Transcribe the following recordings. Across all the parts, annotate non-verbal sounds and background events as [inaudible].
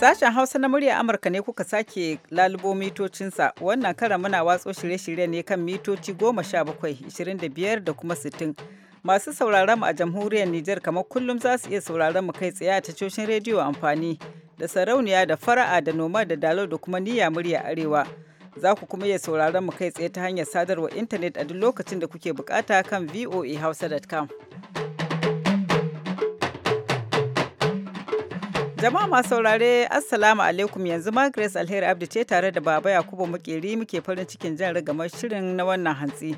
Sashen Hausa na murya Amurka ne kuka sake lalubo mitocinsa wannan karan muna watso shirye-shirye ne kan mitoci goma sha 17, 25 da kuma 60. Masu sauraron mu a jamhuriyar Nijar kamar kullum za su iya sauraron mu kai tsaye a tashoshin rediyo amfani da sarauniya da fara'a da noma da dalo da kuma niyya murya arewa. Za ku kuma iya sauraron mu kai tsaye ta hanyar sadarwar intanet a duk lokacin da kuke bukata kan voahausa.com. Jama'a masu saurare Assalamu alaikum yanzu ma Grace Alheri Abdi ce tare da Baba Yakubu Makeri muke farin cikin jan rigamar shirin na wannan hantsi.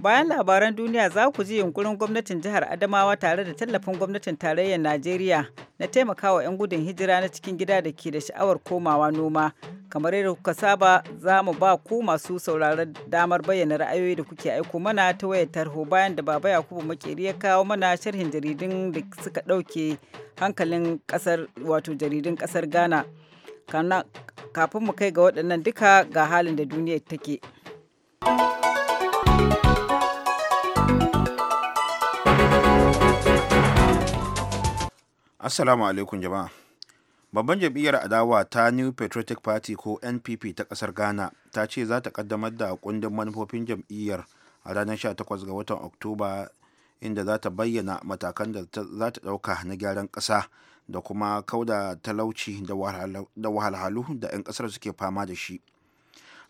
Bayan labaran duniya za ku ji yunkurin gwamnatin jihar Adamawa tare da tallafin gwamnatin tarayyar Najeriya na taimakawa 'yan gudun hijira na cikin gida da ke da sha'awar komawa noma. Kamar yadda kuka saba za mu ba ku masu sauraron damar bayyana ra'ayoyi da kuke aiko mana ta wayar tarho bayan da Baba Yakubu Makeri ya kawo mana sharhin jaridun da suka ɗauke hankalin kasar wato jaridun kasar Ghana. Kafin mu kai ga waɗannan duka ga halin da duniya take. Assalamu alaikum jama'a. Babban jam'iyyar adawa ta New Patriotic Party ko NPP ta ƙasar Ghana ta ce za ta ƙaddamar da kundin manufofin jam'iyyar a ranar 18 ga watan Oktoba inda za ta bayyana matakan da za ta ɗauka na gyaran ƙasa da kuma kauda talauci da wahalhalu da 'yan ƙasar suke fama da shi.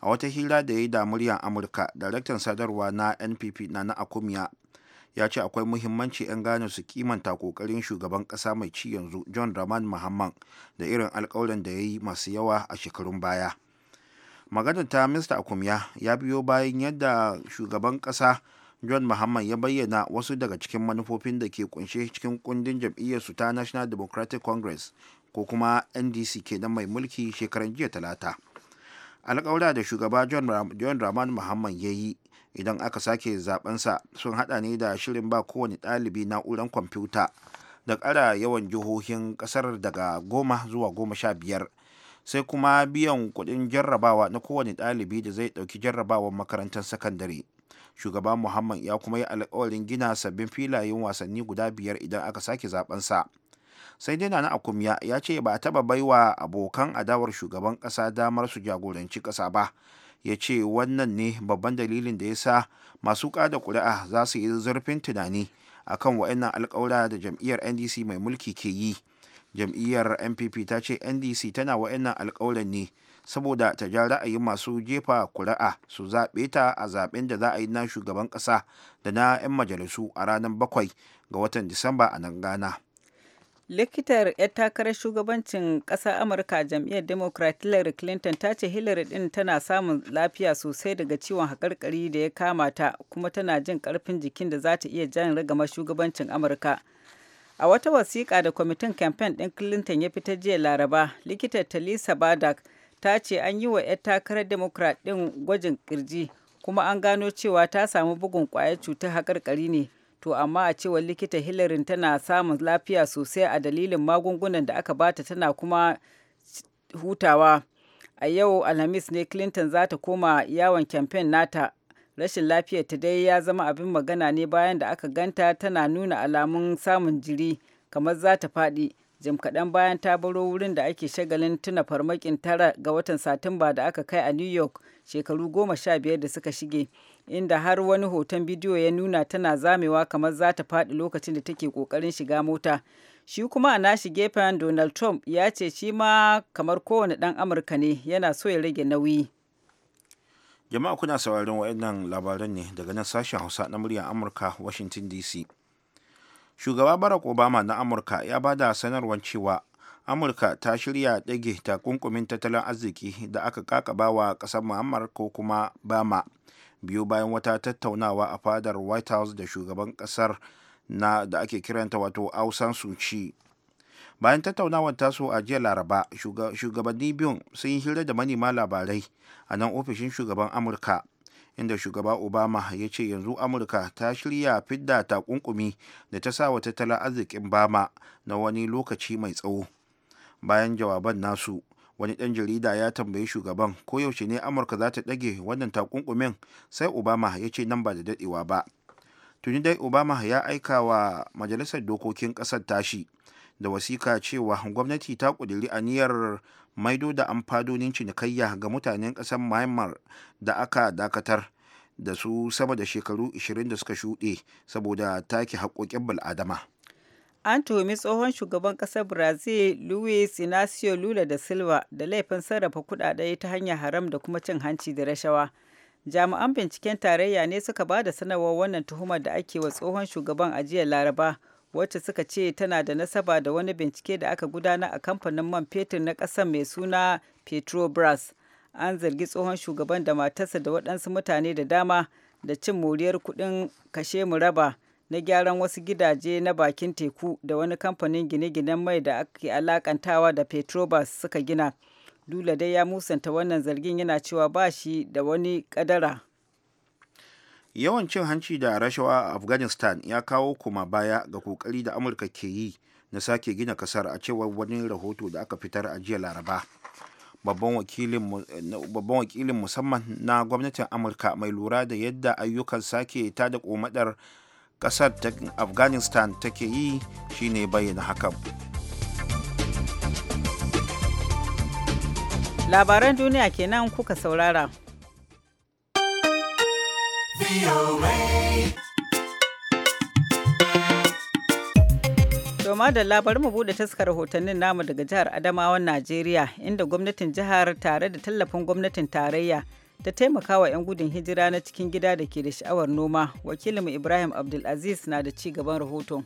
A wata hira da ya yi da muryar Amurka, daraktan sadarwa na NPP na na Akumiya ya ce akwai muhimmanci 'yan gane su kimanta kokarin shugaban kasa mai ci yanzu john raman mahamman da irin alkawarin da ya yi masu yawa a shekarun baya maganar ta mista akumya ya biyo bayan yadda shugaban kasa john mahamman ya bayyana wasu daga cikin manufofin da ke kunshe cikin kundin jam'iyyarsu ta national democratic congress ko kuma ndc kenan mai mulki shekaran jiya talata alƙawura da shugaba john raman mahamman ya yi idan aka sake zabensa sun hada ne da shirin ba kowane ɗalibi na'urar kwamfuta da kara yawan jihohin ƙasar daga goma zuwa goma sha biyar sai kuma biyan kuɗin jarrabawa na kowane ɗalibi da zai ɗauki jarrabawar makarantar sakandare shugaba muhammad ya kuma yi alkawarin gina sabbin filayen wasanni guda biyar idan aka sake zabensa sai dai nana akumiya ya ce ba a taba baiwa abokan adawar shugaban kasa damar su jagoranci kasa ba ya ce wannan ne babban dalilin da ya sa masu kada kuri'a za su yi zurfin tunani akan wa'annan alkawura da jam'iyyar ndc mai mulki ke yi jam'iyyar npp ta ce ndc tana wa'annan alkawuran ne saboda ta ja ra'ayin masu jefa kuri'a su zaɓe ta a zaɓen da za a yi na shugaban ƙasa da na 'yan majalisu a ranar bakwai ga watan disamba a nan ghana likitar 'yar takarar shugabancin ƙasar amurka jam'iyyar democrat hillary clinton ta ce hillary ɗin tana samun lafiya sosai daga ciwon haƙarƙari da ya kama ta kuma tana jin ƙarfin jikin da za ta iya jan ragama shugabancin amurka a wata wasiƙa da kwamitin kamfen ɗin clinton ya fita jiya laraba likitar talisa badak ta ce an yi wa 'yar takarar democrat ɗin gwajin kirji kuma an gano cewa ta samu bugun ƙwayar cutar haƙarƙari ne to amma a cewar likita hilarin tana samun lafiya sosai a dalilin magungunan da aka bata tana kuma hutawa a yau alhamis ne clinton za ta koma yawon kyamfen nata rashin lafiyar ta dai ya zama abin magana ne bayan da aka ganta tana nuna alamun samun jiri kamar za ta faɗi jim kaɗan bayan ta baro wurin da ake shagalin tuna farmakin tara ga watan satumba da aka kai a new york shekaru goma sha biyar da suka shige inda har wani hoton bidiyo ya nuna tana zamewa kamar za ta faɗi lokacin da take ƙoƙarin shiga mota shi kuma a nashi gefen donald trump ya ce shi ma kamar kowane ɗan amurka ne yana so ya rage nauyi jama'a kuna sauraron waɗannan labaran ne daga nan sashen hausa na muryar amurka washington dc shugaba barack obama na amurka ya ba da sanarwar cewa amurka ta shirya ɗage takunkumin tattalin arziki da aka kakaba wa ƙasar muhammad ko kuma bama biyu bayan wata tattaunawa a fadar white house da shugaban ƙasar na da ake kiranta wato ausan suci bayan tattaunawar taso a jiya laraba shugabanni biyun sun yi hira da manema labarai a nan ofishin shugaban amurka inda shugaba obama ya ce yanzu amurka ta shirya fidda takunkumi da ta sa wa tattalin arzikin bama na wani lokaci mai tsawo bayan jawaban nasu wani ɗan jarida ya tambayi shugaban ko yaushe ne amurka za ta ɗage wannan takunkumin sai obama ya ce nan ba da daɗewa ba tuni dai obama ya aika wa majalisar dokokin ƙasar tashi da wasika cewa gwamnati ta ƙudiri aniyar maido da amfadonin cinikayya ga mutanen ƙasar myanmar da aka dakatar da su sama da shekaru 20 da suka shuɗe saboda take haƙoƙin bil'adama. An tuhumi tsohon shugaban ƙasar Brazil Luis Inacio Lula da Silva da laifin sarrafa kuɗaɗe ta hanyar haram da kuma cin hanci da rashawa. Jami'an binciken tarayya ne suka ba da sanarwar wannan tuhumar da ake wa tsohon shugaban a jiya Laraba wacce suka ce tana da nasaba da wani bincike da aka gudana a kamfanin man fetur na ƙasar mai suna petrobras an zargi tsohon shugaban da matarsa da waɗansu mutane da dama da cin moriyar kuɗin kashe mu raba na gyaran wasu gidaje na bakin teku da wani kamfanin gine-ginen mai da ake alakantawa da petrobras suka gina dula dai ya musanta wannan zargin yana cewa ba shi da wani kadara yawan cin hanci da rashawa a afghanistan ya kawo kuma baya ga kokari da amurka ke yi na sake gina kasar a cewar wani rahoto da aka fitar a jiya laraba babban wakilin musamman na gwamnatin amurka mai lura da yadda ayyukan sake tada komadar kasar ta afghanistan take yi shine bayyana hakan labaran duniya kenan kuka saurara Doma da labar mu bude taskar rahotannin namu daga jihar Adamawan Najeriya inda gwamnatin jihar tare da tallafin gwamnatin tarayya ta taimaka wa 'yan gudun hijira na cikin gida da ke da sha'awar noma. Wakilinmu Ibrahim Abdulaziz na da ci gaban rahoton.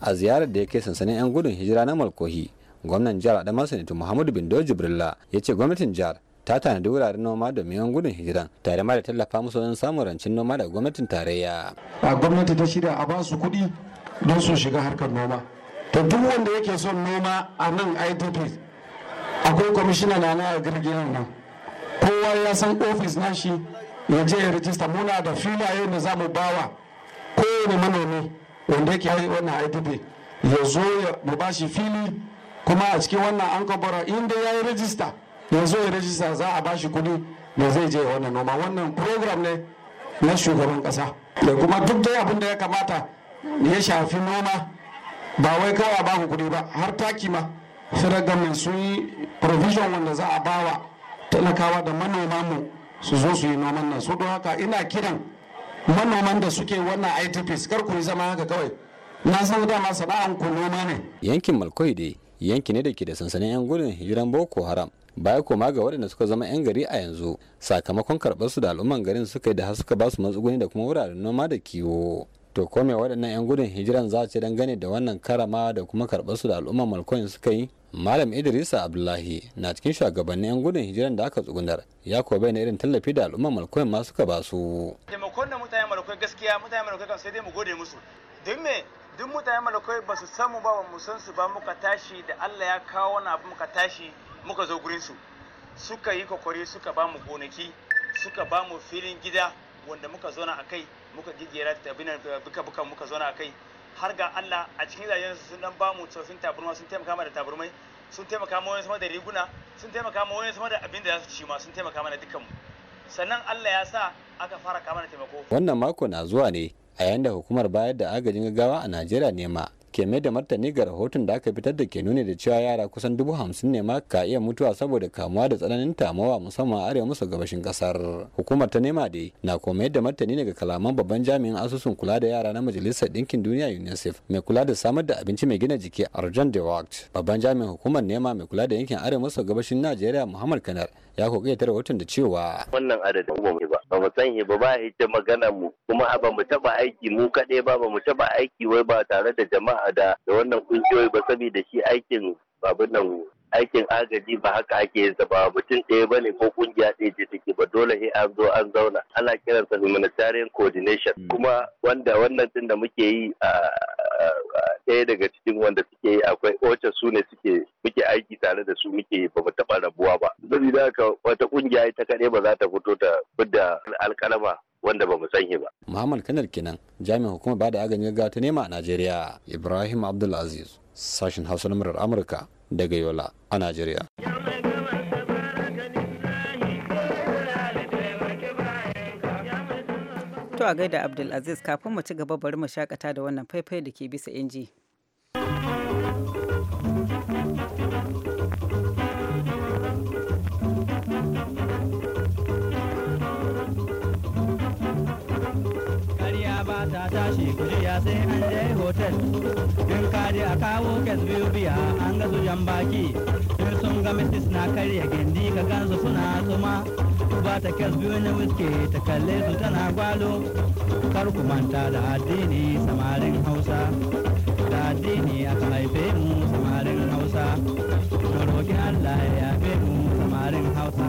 A ziyarar da ya kai sansanin 'yan gudun hijira na Malkohi, gwamnan jihar Adamawa Sanitu Muhammadu Bindo Jibrilla ya ce gwamnatin jihar ta tanadi wuraren noma domin yan gudun hijiran tare ma da tallafa musu wajen samun rancin noma daga gwamnatin tarayya. a gwamnati ta shirya a basu kuɗi don su shiga harkar noma to duk wanda yake son noma a nan idp akwai kwamishina na na girgirar nan kowa ya san ofis nashi ya je ya rijista muna da filaye da za mu bawa kowane manomi wanda yake wannan idp ya zo ya mu bashi fili kuma a cikin wannan an inda ya yi rijista yanzu ya rajista za a bashi kuɗi da zai je wannan noma wannan program ne na shugaban kasa da kuma duk da abin da ya kamata ya shafi noma ba wai kawai a baku kuɗi ba har taki ma federal government sun yi provision wanda za a ba wa talakawa da manoma mu su zo su yi noman nan su haka ina kiran manoman da suke wannan itps kar ku yi zama haka kawai na san dama sana'an ku noma ne yankin malkoi dai yanki ne da ke da sansanin yan gudun hijiran boko haram baya koma ga waɗanda suka zama 'yan gari a yanzu sakamakon karɓar su da al'umman garin suka yi da har suka basu su matsuguni da kuma wuraren noma da kiwo to ko me waɗannan 'yan gudun hijiran za a ce dangane da wannan karamawa da kuma karɓar su da al'umman malkoyin suka yi malam idrisa abdullahi na cikin shugabannin 'yan gudun hijiran da aka tsugunar ya ko na irin tallafi da al'umman malkoyin ma suka ba su taimakon da mutane gaskiya mutane kan sai dai mu gode musu duk me duk mutane malkoyi ba su mu ba mu san su ba muka tashi da allah ya kawo wani abu muka tashi muka zo su suka yi kokari suka ba mu gonaki suka ba mu filin gida wanda muka zo a kai muka gigera tabinan buka-buka muka zo a kai har ga Allah a cikin zayen sun dan ba mu tsofin taburma sun taimaka mana da taburmai sun taimaka mana wani sama da riguna sun taimaka mana wani sama da abin da za su ci ma sun taimaka mana dukkanmu sannan Allah ya sa aka fara kama da taimako wannan mako na zuwa ne a yayin da hukumar bayar da agajin gaggawa a Najeriya ne ma. ke mai da martani ga rahoton da aka fitar da ke nuni da cewa yara kusan dubu hamsin ne ma ka iya mutuwa saboda kamuwa da tsananin tamawa musamman a arewa maso gabashin kasar hukumar ta nema dai na mai da martani daga kalaman babban jami'in asusun kula da yara na majalisar Dinkin duniya unicef mai kula da samar da abinci mai gina jiki arjan wacht babban jami'in hukumar nema mai kula da yankin arewa maso gabashin najeriya muhammad kanar ya kokaye ta rahoton da cewa wannan adadin ba mu ba ba mu san ba ba hidda magana mu kuma ba mu taba aiki mu kaɗai ba ba mu taba aiki wai ba tare da jama'a da wannan kungiyoyi ba saboda shi aikin abin nan aikin agaji ba haka ake yin ba mutum ɗaya ne ko kungiya ɗaya ce take ba dole sai an zo an zauna ana kiransa humanitarian coordination mm. kuma wanda wannan din da muke yi a ɗaya daga cikin wanda suke yi akwai oce su ne suke muke aiki tare da su muke ba mu taɓa rabuwa ba da haka wata kungiya ita kaɗai ba za ta fito ta fidda alƙalama wanda ba mu sani ba. Muhammad Kanar kenan jami'in hukumar bada agajin gaggawa ta nema a Najeriya Ibrahim Abdulaziz sashen Hausa na Amurka daga yola a najeriya to a gaida abdulaziz kafin mu ci gaba bari mu shakata da wannan faifai da ke bisa inji na kawo kasbiyu biya an ga jan baki in sun ga misis na karya gindi ka gansu suna tsuma ba ta kasbiyu na wiske ta kalle su tana gwalo kar ku manta da addini samarin hausa da addini aka haife mu samarin hausa ka roƙi allah ya yafe mu samarin hausa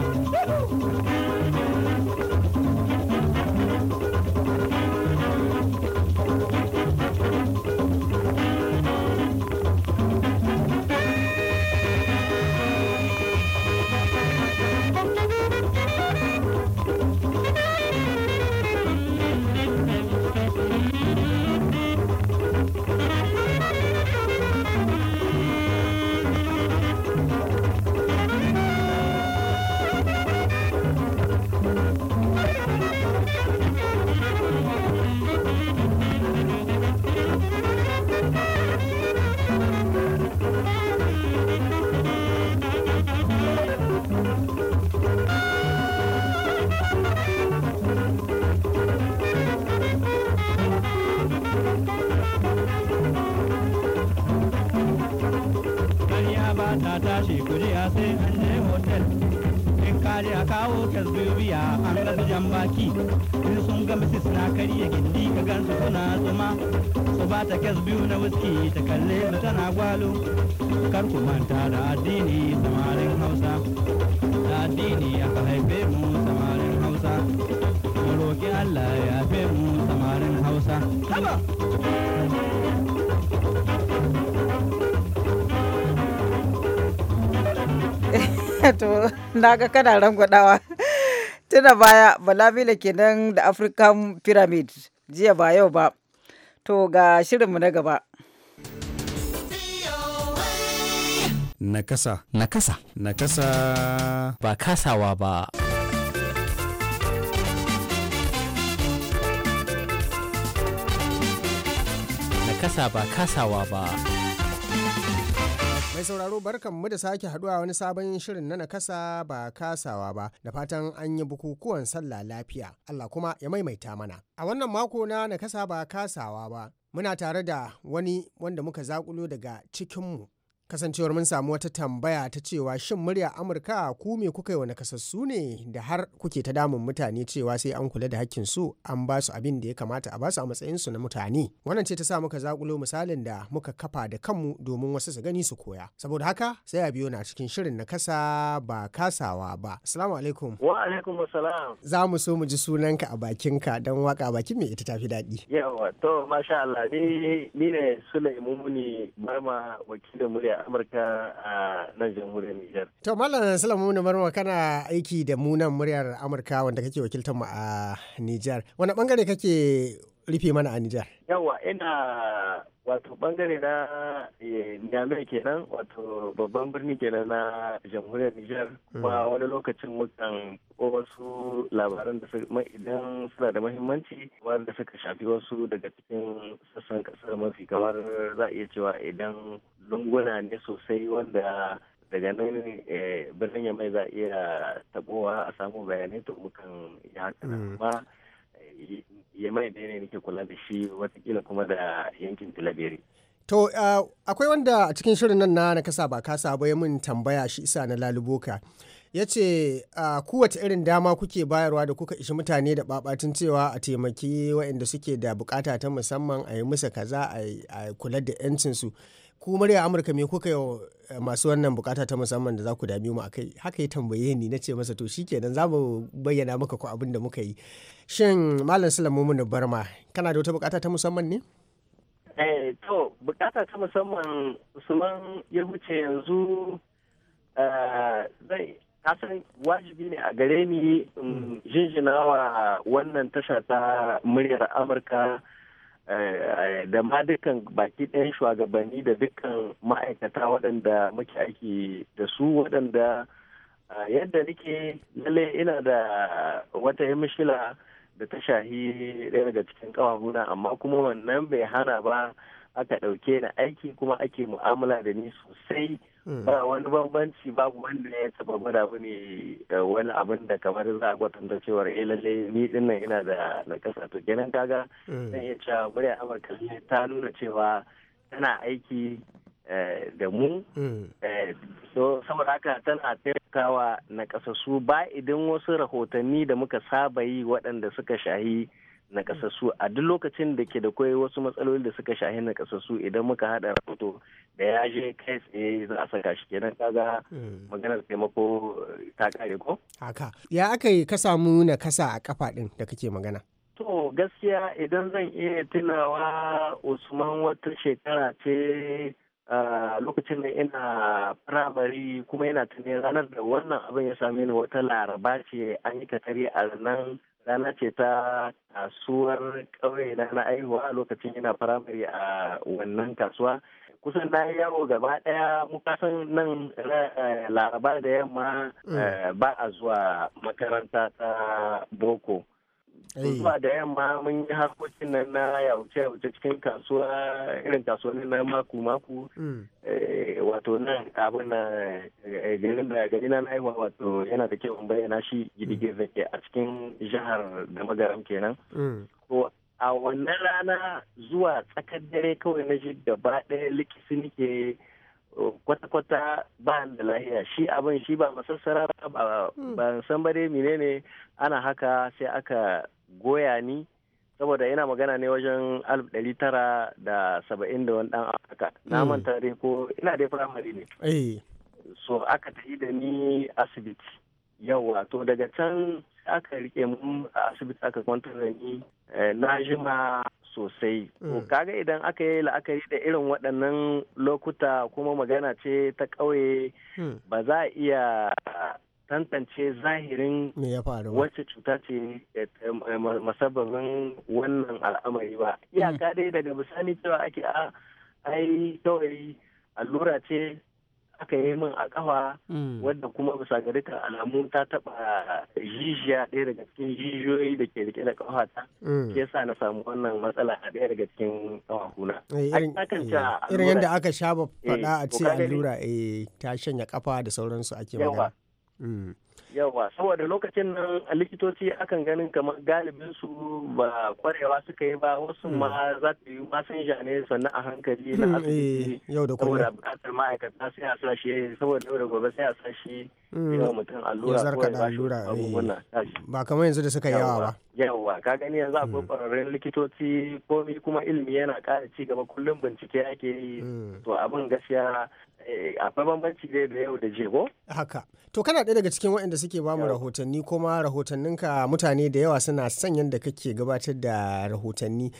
ki in sun ga misis na karya gindi ka gansu suna zuma su ba ta kes biyu na wiski ta kalle mu tana gwalo kar ku manta da addini samarin hausa da addini ka haife mu samarin hausa mu roƙi allah ya haife mu samarin hausa [laughs] to na ga kana rangwadawa da baya balabila kenan da african pyramid jiya ba yau ba to ga shirinmu na gaba Nakasa. Nakasa. Nakasa. Ba kasawa ba. Nakasa ba kasawa ba. Mai sauraro barkan mu da sake haduwa wani sabon shirin na nakasa ba kasawa ba da fatan an yi bukukuwan sallah lafiya Allah kuma ya maimaita mana. A wannan mako na nakasa ba kasawa ba muna tare da wani wanda muka zakulo daga cikinmu kasancewar mun samu wata tambaya ta cewa shin murya amurka ku me kuka yi wa nakasassu ne da har kuke ta damun mutane cewa sai an kula da hakkin su an ba su abin da ya kamata a ba su a matsayin su na mutane wannan ce ta sa muka zakulo misalin da muka kafa da kanmu domin wasu su gani su koya saboda haka sai a biyo na cikin shirin na kasa ba kasawa ba assalamu alaikum wa alaikum assalam za mu so mu ji sunanka a bakin ka dan waka bakin me ita tafi daɗi yawa to masha Allah ni ne Sulaimu Muni Barma wakilin murya Amurka a nan jamhuriyar Nijar. To Malam Salamu na Marwa kana aiki da munan muryar Amurka wanda kake wakiltar mu a Nijar. Wani bangare kake rufe mana a Nijar? Yawa ina wato bangare na eh, Niamey kenan wato babban birni kenan na jamhuriyar Nijar kuma mm. wani lokacin mukan ko wasu labaran da idan suna da mahimmanci wanda suka shafi wasu daga cikin sassan kasar mafi kamar za a iya cewa idan lunguna ne sosai wanda daga nan eh, birnin mai za a iya tabowa a samu bayanai to mukan yi haka yamai da ne nake kula da shi watakila kuma da yankin tilabiri. to akwai wanda a cikin shirin nan na na kasa ba kasa ba ya mun tambaya shi isa na laluboka ya ce kowace irin dama kuke bayarwa da kuka ishi mutane da babatun cewa a taimaki waɗanda suke da bukata ta musamman a yi musa kaza a kula da 'yancinsu ku murya amurka me kuka yau eh, masu wannan bukata ta musamman da za ku dami mu a kai haka ya tambaye ni na ce masa to shikenan za mu bayyana maka ku abin da muka yi shin malam sulamu na barma kana da wata bukata ta musamman ne eh to bukata ta musamman usman ya wuce yanzu eh, zai kasan wajibi ne a gare ni jinjinawa wannan tasha ta muryar amurka Eh, eh, da ma dukkan baki ɗayan shugabanni da dukkan ma'aikata waɗanda muke aiki da su waɗanda eh, yadda nake lalle ina da wata mishila da ta shahi ɗaya daga cikin ƙawabuna amma kuma wannan bai hana ba aka ɗauke na aiki kuma ake mu'amala da ni sosai Hmm. ba wani bambanci babu wanda ya taba gwada bane eh, wani abin da kamar za a kwatanta cewar eh lalle ni din nan ina da na kasa to kenan kaga hmm. zan iya cewa murya amurka ne ta nuna cewa tana aiki eh, da mu hmm. eh, so saboda haka tana taimakawa na su ba idan wasu rahotanni da muka saba yi waɗanda suka shahi na kasassu a duk lokacin da ke da kwai wasu matsaloli da suka shahi na kasassu idan muka hada rahoto da ya je kai tsaye za a saka shi kenan kaga eh. maganar taimako eh, ta kare ko haka ya aka yi ka samu na kasa a kafa din da kake magana to gaskiya idan zan iya tunawa usman wata shekara ce ah, lokacin da ina firamare kuma yana tunanin ranar da wannan abin ya same ni wata laraba ce an yi katari a nan rana ce ta kasuwar ƙauye na na aihuwa lokacin yana firamare a wannan kasuwa kusan na yawo gaba ɗaya muka san nan eh, laraba da yamma mm. eh, ba a zuwa makaranta ta boko zuwa da yamma mun yi harkokin nan na yauce yauce cikin kasuwa irin kasuwannin na maku maku mm. eh, wato nan abin na eh, garin da gari na naiwa wato yana da kyau in bayyana shi gidige zake a cikin jihar da magaram kenan ko mm. a wannan rana zuwa tsakar dare kawai na shi gaba ɗaya likisi nike eh, kwata-kwata ba da lahiya shi abin shi ba masassara ba ba mm. san bare menene ana haka sai aka goya ni saboda yana magana ne wajen alif ɗari tara da saba'in da wani ɗan afirka na hmm. manta dai ko ina dai firamare ne eh. so aka tafi da ni asibiti yawa to daga can aka rike mun a asibiti aka kwanta da ni eh, na jima sosai to hmm. kaga idan aka yi la'akari da irin waɗannan lokuta kuma magana ce ta ƙauye hmm. ba za a iya tantance zahirin wacce cuta ce eh, eh, masababin wannan al'amari ba mm. iyaka dai daga bisani cewa ake a ai kawai allura ce aka yi min a kafa mm. wadda kuma bisa ga dukkan alamu ta taba jijiya ɗaya daga cikin jijiyoyi da ke rike da kafa ta ke mm. sa na samu wannan matsala a ɗaya daga cikin kafafuna eh, irin yadda aka sha faɗa a ce allura ta shanya kafa da sauransu ake magana Mm. yawa saboda lokacin nan likitoci akan ganin kamar galibin su ba kwarewa suka yi ba wasu mm. ma za ta yi masinja ne sannan a hankali na mm, asibiti eh, saboda bukatar ma'aikata sai a sashi saboda yau da gobe sai a sashi yawa mutum allura ko ya allura eh. ba kamar yanzu da suka yawa ba yawa ka gani yanzu akwai kwararrun likitoci komi kuma ilimi yana ƙara ci gaba kullum bincike ake yi to abin gaskiya Eh, akwai bambanci dai da yau da jego. Haka. To kana ɗaya daga cikin waɗanda suke ba mu rahotanni kuma rahotanninka mutane da yawa suna son yadda kake gabatar da rahotanni.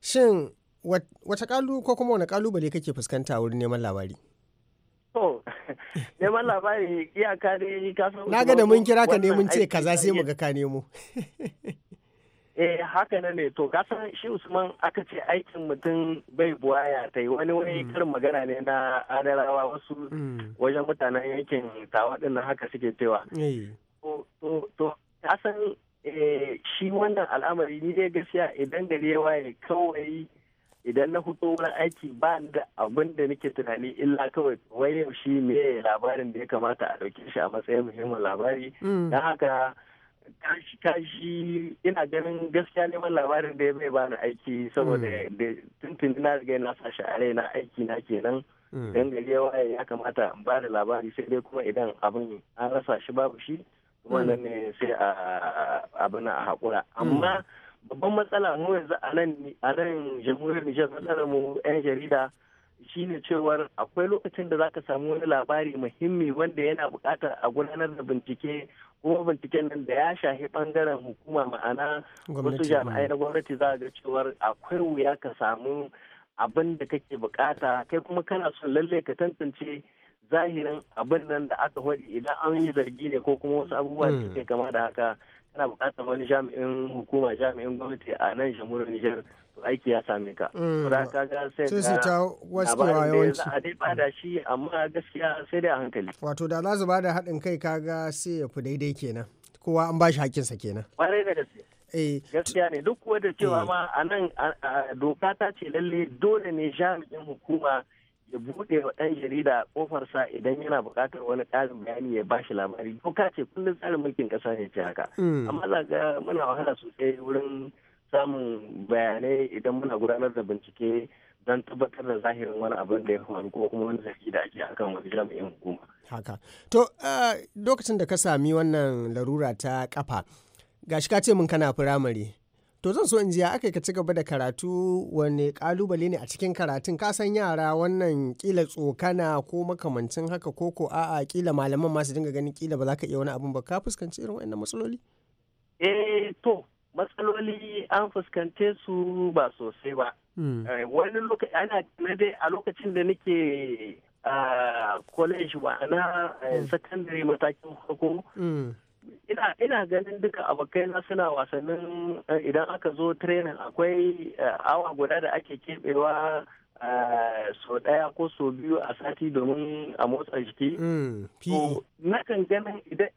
Shin wata kalu ko kuma wani kalubale kake fuskanta wurin neman labari? To, [laughs] neman labari iyaka ka san. Na ga da mun kira ka ne mun ce kaza sai mu ga ka nemo. [laughs] [laughs] eh haka na ne to kasan shi usman aka ce aikin mutum bai buwaya ta yi wani wani mm. karin magana ne na adarawa wasu mm. wajen mutanen yankin tawa din haka suke cewa eh. to kasan eh, shi wannan al'amari ni dai gaskiya idan gari ya waye kawai idan na fito wurin aiki ba da abin da nake tunani illa kawai wai yaushe me labarin da ya kamata a ɗauke shi a matsayin muhimmin labari mm. don haka kashi kashi ina ganin gaskiya neman labarin da ya bai bani aiki saboda mm. da tuntun na riga na sa shi a na aiki na kenan mm. dan gari ya waye ya kamata in ba da labari sai dai kuma idan abin an rasa shi babu shi wannan ne sai a abin a hakura mm. amma babban matsala mu yanzu a nan a nan jamhuriyar Nijar matsalar mu yan jarida shine cewar akwai lokacin da zaka samu wani labari muhimmi wanda yana buƙatar a gudanar da bincike kuma binciken nan da ya shafi bangaren hukuma ma'ana wasu jami'ai mm. na gwamnati za a ga cewar akwai wuya ka samu abin da kake bukata kai kuma kana son lallai ka tantance zahirin abin nan da aka faɗi idan an yi zargi ne ko kuma wasu abubuwa da mm. suke kama da haka ana bukatar wani jami'in hukuma jami'in gwamnati a nan jamhuriyar Nijar to aiki ya same ka. Kura mm. ka ga sai ta waskewa yawanci. A dai bada shi amma gaskiya sai dai a hankali. Wato da za su bada haɗin kai kaga sai ya fi daidai kenan. Kowa an ba shi haƙƙinsa kenan. Ƙwarai da gaske. Eh. gaskiya ne duk wadda cewa eh. ma a nan doka ta ce lalle dole ne jami'in hukuma ya buɗe wa ɗan jarida kofarsa idan yana buƙatar wani ƙarin bayani ya bashi labari ko ce kullum tsarin mulkin ƙasa ne ce haka hmm. amma za ga muna wahala sosai wurin samun bayanai idan muna gudanar da bincike don tabbatar da zahirin wani abin da ya faru ko kuma wani zaki da ake akan wani jami'in hukuma. Haka. To, lokacin da ka sami wannan larura ta kafa, gashi ka ce mun kana firamare. To zan so in ji aka ka ci gaba da karatu wani kalubale ne a cikin karatun kasan yara wannan kila tsokana ko makamancin haka ko ko a'a kila malaman masu dinga ganin kila ba za ka iya wani abun ba ka fuskanci irin wannan matsaloli? Eh to matsaloli an fuskante su ba sosai ba. Hmm. Eh, wani lokaci ana dai a lokacin da nake a ah, college wa na eh, hmm. secondary matakin farko hmm. ina ina ganin duka abokaina suna wasannin eh, idan aka zo training akwai eh, awa guda da ake keɓewa eh, sau ɗaya ko sau biyu a sati domin a motsa jiki. Mm, e. na kan ganin idan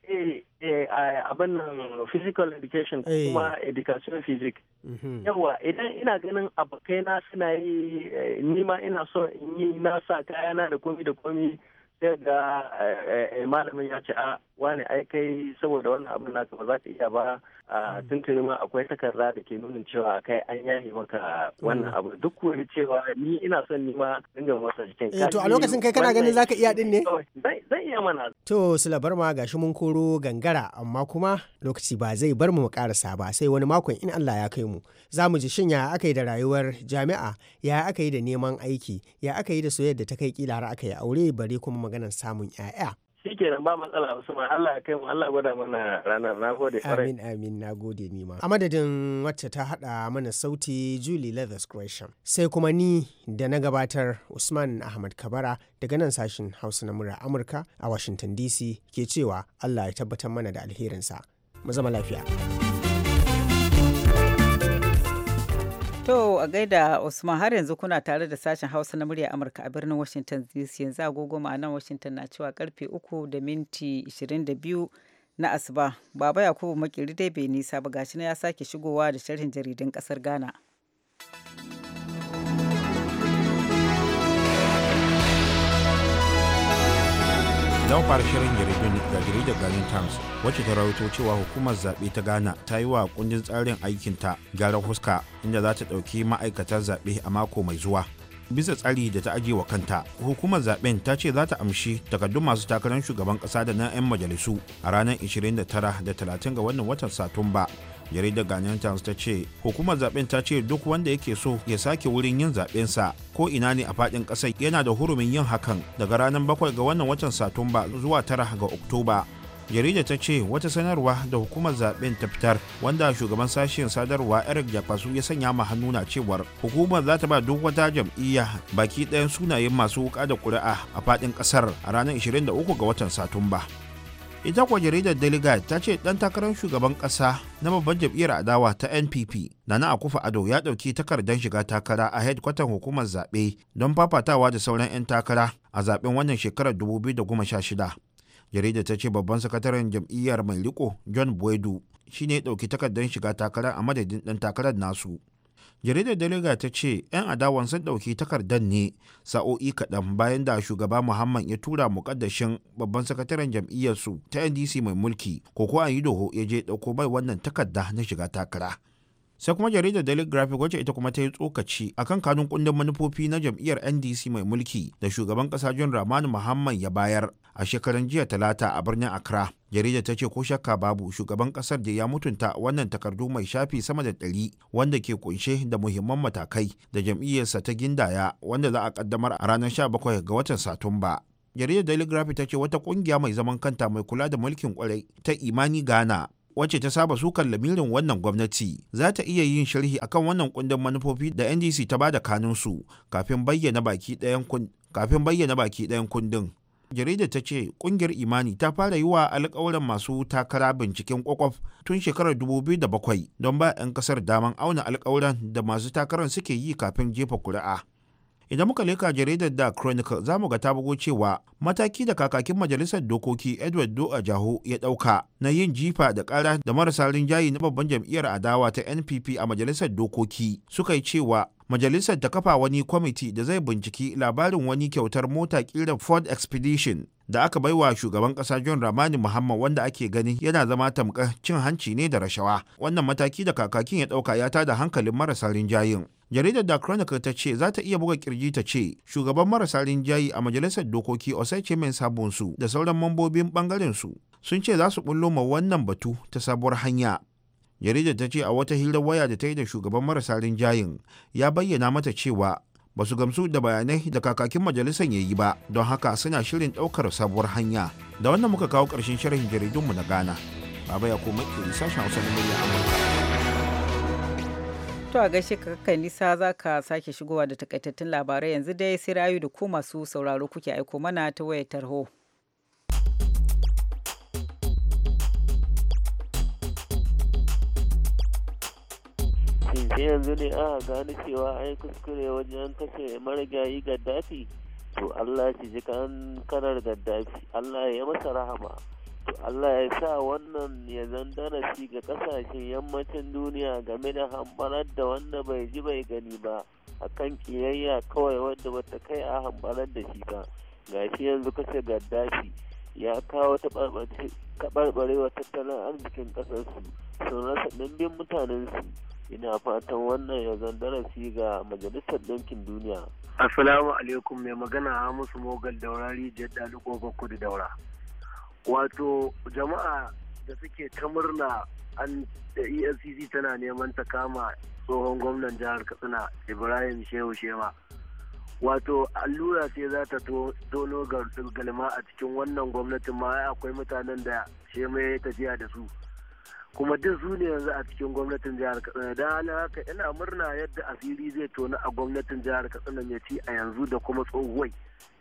abin nan physical education kuma education physic. Mm-hmm. Yawa idan ina ganin abokaina suna yi nima ina so in yi na sa kayana da komi da komi. sai ga eh, eh, malamin ya ce a wani ai kai saboda wannan abin naka ba za ka iya ba a tuntuni ma akwai takarda da ke nuna cewa kai an yaye maka wannan mm. abu duk kuwa cewa ni ina son ni ma dinga motsa jikin eh, to a lokacin kai kana ganin zaka iya din ne ne mana. To silabar ma gashi mun koro gangara amma kuma lokaci ba zai bar mu karasa ba sai wani makon in Allah ya kai mu. Za mu ji shin ya aka yi da rayuwar jami'a, ya aka yi da neman aiki, ya aka yi da soyayyar da ta kai kila har aka yi aure bare kuma maganar samun 'ya'ya. shikenan ba matsala Usman Allah kai mu Allah gwada mana ranar na gode amin amin na gode ni ma a madadin wacce ta hada mana sauti Julie Leathers Gresham sai kuma ni da na gabatar Usman Ahmad Kabara daga nan sashen Hausa na murar Amurka a Washington DC ke cewa Allah ya tabbatar mana da alherinsa mu zama lafiya To a gaida Usman har yanzu kuna tare da sashen Hausa na murya Amurka a birnin Washington DC yanzu agogo nan Washington na cewa karfe 3 da minti 22 na asuba. Baba Yakubu Makiri dai bai nisa ba gashi na ya sake shigowa da sharhin jaridun kasar Ghana. don fara shirin jaridun da jaridar garin Times wacce ta rawaito cewa hukumar zaɓe ta Ghana ta yi wa kundin tsarin aikinta gyaran huska inda za ta ɗauki ma'aikatan zaɓe a mako mai zuwa. Bisa tsari da ta ajiye wa kanta, hukumar zaɓen ta ce za ta amshi takardun masu takarar shugaban ƙasa da na 'yan majalisu a ranar 29 da 30 ga wannan watan Satumba jaridar Ghanaian Times ta ce hukumar zaben ta ce duk wanda yake so ya sake wurin yin zabensa ko ina ne a fadin kasar yana da hurumin yin hakan daga ranar bakwai ga wannan watan Satumba zuwa tara ga Oktoba. Jarida ta ce wata sanarwa da hukumar zaben ta fitar wanda shugaban sashen sadarwa Eric Jakwasu ya sanya ma hannu na cewar hukumar za ta ba duk wata jam'iyya baki ɗayan sunayen masu wuka da ƙuri'a a fadin ƙasar a ranar 23 ga watan Satumba. ita kuwa jaridar delegate ta ce dan takarar shugaban kasa na babban jam'iyyar adawa ta npp na nana akufa ado ya dauki takardar shiga takara a hedkwatan hukumar zaɓe don fafatawa da sauran 'yan takara a zaɓen wannan shekarar 2016 jaridar ta ce babban sakataren jam'iyyar mai riko john buedu shine ya dauki takardar shiga takara a madadin dan takarar nasu jaridar daliga ta ce 'yan adawan sun ɗauki takardar ne sa'o'i kaɗan bayan da shugaba muhammad ya tura muƙaddashin babban sakataren jam'iyyarsu ta ndc mai mulki koko an yi doho ya je ɗauko mai wannan takarda na shiga takara sai kuma jaridar daily graphic wacce ita kuma ta yi tsokaci akan kanun kundin manufofi na jam'iyyar ndc mai mulki da shugaban kasa john Ramanu muhammad ya bayar a shekaran jiya talata a birnin accra jaridar ta ce ko shakka babu shugaban kasar da ya mutunta wannan takardu mai shafi sama da ɗari wanda ke kunshe da muhimman matakai da jam'iyyarsa ta gindaya wanda za a kaddamar a ranar 17 ga watan satumba jaridar daily graphic ta ce wata kungiya mai zaman kanta mai kula da mulkin kwarai ta imani ghana wacce ta saba sukar lamirin wannan gwamnati za ta iya yin sharhi akan wannan kundin manufofi da ndc ta bada kanunsu kafin bayyana baki ɗayan kafin bayyana baki ɗayan kundin jaridar ta ce kungiyar imani ta fara yi wa alkawarin masu takara binciken kwakwaf tun shekarar 2007 don ba 'yan kasar daman auna alkawuran da masu takarar suke yi kafin jefa kuri'a idan muka leka jaridar da chronicle za mu ga ta bugo cewa mataki da kakakin majalisar dokoki edward do ya dauka na yin jifa da kara da marasa rinjaye na babban jam'iyyar adawa ta npp a majalisar dokoki suka yi cewa majalisar ta kafa wani kwamiti da zai binciki labarin wani kyautar mota kiran ford expedition da aka bai wa shugaban kasa john ramani muhammad wanda ake gani yana zama tamkar cin hanci ne da rashawa wannan mataki da kakakin ya dauka ya tada hankalin marasa rinjayin jaridar da chronicle ta ce za ta iya buga kirji ta ce shugaban marasa rinjayi a majalisar dokoki osai sabon su da sauran mambobin bangaren su sun ce za su bullo ma wannan batu ta sabuwar hanya jaridar ta ce a wata hirar waya da ta yi da shugaban marasa rinjayin ya bayyana mata cewa ba su gamsu da bayanai da kakakin majalisar ya yi ba don haka suna shirin ɗaukar sabuwar hanya da wannan muka kawo ƙarshen sharhin jaridunmu na ghana baba ya koma ke sashen hausa na murya amurka to a gaishe kakan nisa za ka sake shigowa da takaitattun labarai yanzu dai sai rayu da ku masu sauraro kuke aiko mana ta wayar tarho. sai yanzu ne aka gani cewa ai kuskure wajen kashe marigayi gaddafi to allah shi ji kanar gaddafi allah ya masa rahama to allah ya sa wannan ya zan darasi ga kasashen yammacin duniya game da hambarar da wanda bai ji bai gani ba akan kiyayya kawai wadda bata kai a hambarar da shi ba ga shi yanzu kashe gaddafi ya kawo ta barbarewa tattalin arzikin ƙasarsu sun rasa ɗimbin mutanensu ina fatan wannan ya zan darasi ga majalisar ɗinkin duniya assalamu alaikum mai magana musu mogal daurari jadda bakku kudu daura wato jama'a da suke ta murna an da efcc tana neman ta kama tsohon gwamnan jihar katsina ibrahim shehu shema wato allura sai za ta tono galma a cikin wannan gwamnatin ma akwai mutanen da shema ya tafiya da su kuma duk su ne yanzu a cikin gwamnatin jihar katsina da halin haka ina murna yadda asiri zai tona a gwamnatin jihar katsina mai ci a yanzu da kuma tsohuwai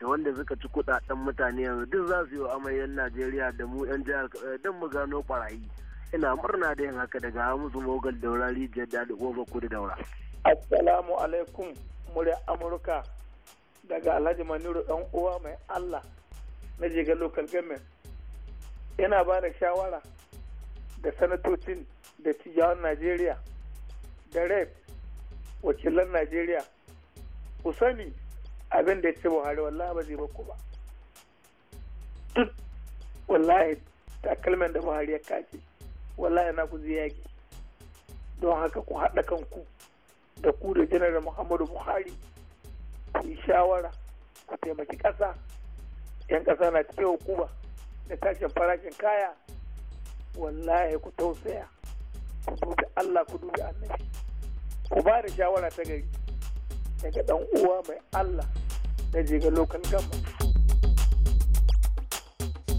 da wanda suka ci kudaden mutane yanzu duk za su yi amayen najeriya da mu yan jihar katsina don mu gano kwarayi ina murna da yin haka daga musu mogal daura rijiyar da goma kudu daura. assalamu alaikum murya amurka daga alhaji maniru dan uwa mai allah na jigar local government yana ba da shawara da sanatocin da tijawan najeriya da rep wakilan najeriya ku sani abin da ya ce buhari wallahi ba zai ba ku ba duk wallahi takalmin da buhari ya kace wallahi na ku zai yaki don haka ku haɗa kanku da ku da janar muhammadu buhari ku yi shawara ku taimaki ƙasa 'yan ƙasa na ku kuba da tashin farashin kaya wallahi ku tausaya ku dubi Allah ku dubi annabi ku ba da shawara ta gari daga dan uwa mai Allah na ga lokal gama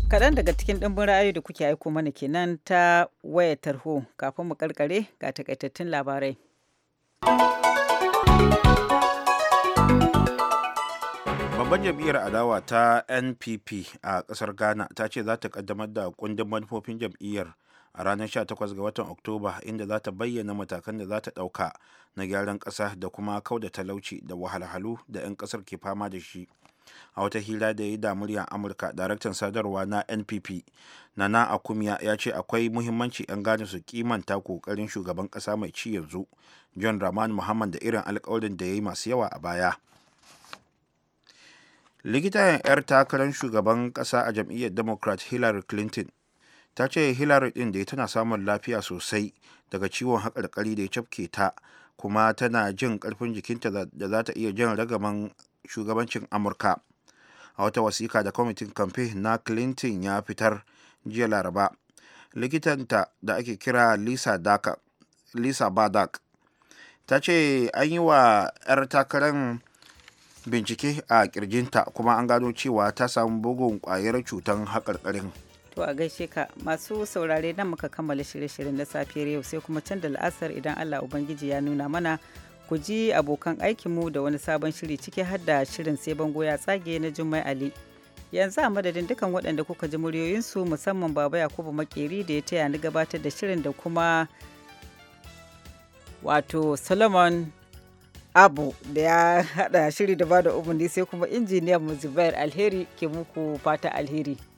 kaɗan daga cikin ɗimbin ra'ayi da kuke aiko mana kenan ta wayar tarho kafin mu karkare ga takaitattun labarai. Babban jam'iyyar adawa ta NPP a kasar Ghana ta ce za ta kaddamar da kundin manufofin jam'iyyar a ranar 18 ga watan Oktoba inda za ta bayyana matakan da za ta dauka na gyaran kasa da kuma kauda talauci da wahalhalu da 'yan kasar ke fama da shi. a wata hira da ya yi da muryar amurka daraktan sadarwa na npp nana akumiya ya ce akwai muhimmanci 'yan gane su kimanta kokarin shugaban kasa mai ci yanzu john rahman muhammad da irin alkawarin da ya yi masu yawa a baya likitan 'yar takarar shugaban kasa a jam'iyyar democrat hillary clinton ta ce hillary ɗin da tana samun lafiya sosai daga ciwon haƙarƙari da ya cafke ta kuma tana jin ƙarfin jikinta da za ta iya jin ragaman shugabancin amurka a wata wasiƙa da kwamitin kamfe na clinton ya fitar jiya laraba likitanta da ake kira lisa, daka, badak ta ce an yi wa 'yar takarar bincike a kirjinta kuma an gano cewa ta samu bugun kwayar cutar haƙarƙarin to a gaishe ka masu saurare nan muka kammala shirye-shiryen na safiyar yau sai kuma can da la'asar idan allah ubangiji ya nuna mana ku ji abokan aikinmu da wani sabon shiri cike har da shirin sai bango ya tsage na jummai ali yanzu a madadin dukkan waɗanda kuka ji muryoyinsu musamman baba yakubu makeri da ya taya ni gabatar da shirin da kuma wato solomon abu da ya hada shiri da bada umarni sai kuma injiniyan mu zubair alheri ke muku fata alheri